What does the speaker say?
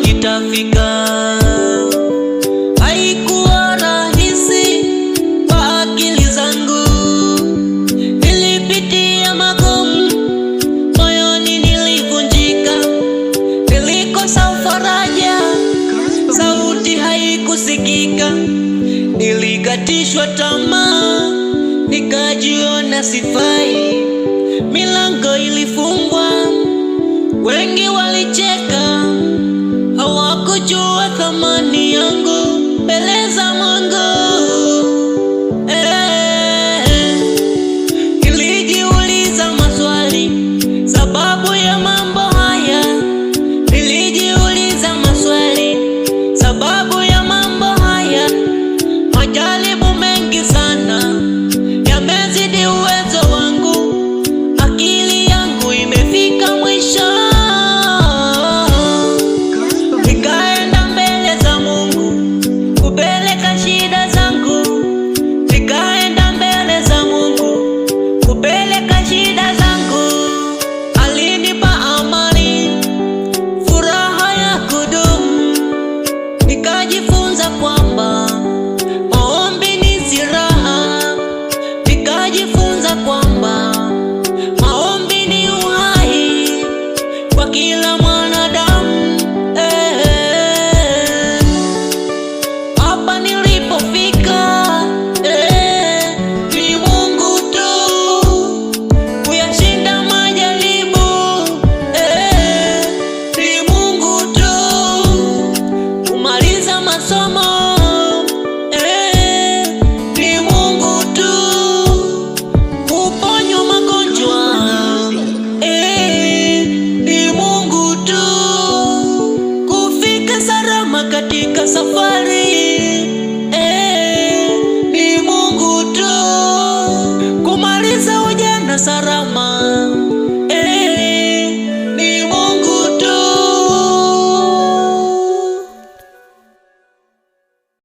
nitafika. Haikuwa rahisi kwa akili zangu, nilipitia magumu, moyoni nilivunjika, nilikosa faraja, sauti haikusikika, nilikatishwa tamaa, nikajiona sifai, milango ilifungwa, wengi waliche yo